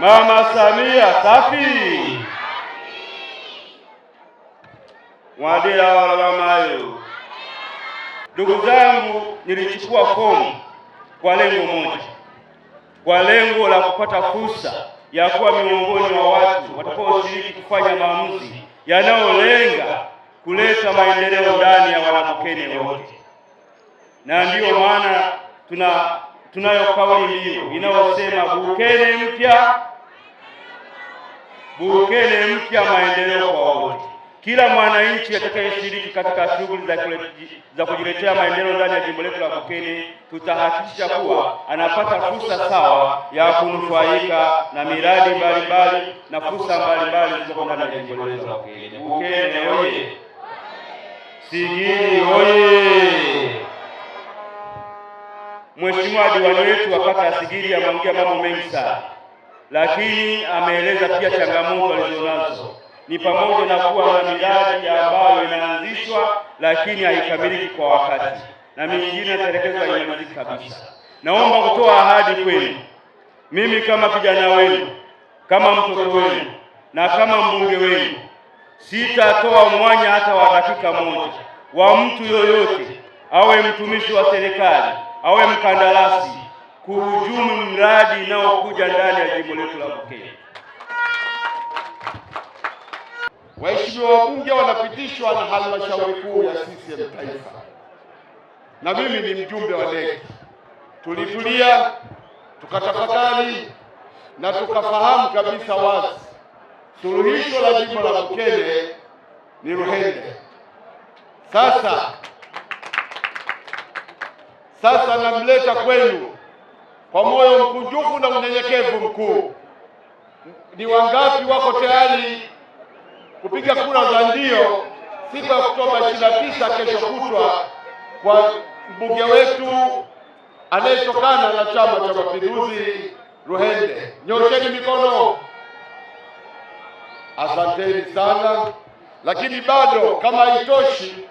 Mama Samia safi. Mwadela walalamayo, ndugu zangu, nilichukua fomu kwa lengo moja, kwa lengo la kupata fursa ya kuwa miongoni mwa watu watakaoshiriki kufanya maamuzi yanayolenga kuleta maendeleo ndani ya Wanapokene wote, na ndiyo maana tuna tunayo kauli mbiu inayosema Bukene mpya, Bukene mpya, maendeleo kwa wote. Kila mwananchi atakayeshiriki katika shughuli za, za kujiletea maendeleo ndani ya jimbo letu la Bukene, tutahakikisha kuwa anapata fursa sawa ya kunufaika na miradi mbalimbali na fursa mbalimbali zilizoko ndani ya jimbo letu la Bukene. Bukene oye! Sigiri oye! Mheshimiwa diwani wetu wapata asigiri ya ameongea mambo mengi sana, lakini ameeleza pia changamoto alizonazo ni pamoja na kuwa na miradi ambayo inaanzishwa lakini haikamiliki kwa wakati na mingine inatelekezwa haimaliziki kabisa. Naomba kutoa ahadi kwenu, mimi kama kijana wenu, kama mtoto wenu na kama mbunge wenu, sitatoa mwanya hata wa dakika moja wa mtu yoyote, awe mtumishi wa serikali awe mkandarasi kuhujumu mradi inaokuja ndani ya jimbo letu la Bukene. Waheshimiwa wabunge wanapitishwa na halmashauri kuu ya CCM taifa, na mimi ni mjumbe wa NEC. Tulitulia tukatafakari na tukafahamu kabisa wazi suluhisho la jimbo la Bukene ni Ruhende. Sasa sasa namleta kwenu kwa moyo mkunjufu na unyenyekevu mkuu. Ni wangapi wako tayari kupiga kura za ndio siku ya Oktoba 29 kesho kutwa kwa mbunge wetu anayetokana na Chama cha Mapinduzi Ruhende? Nyosheni mikono. Asanteni sana, lakini bado kama haitoshi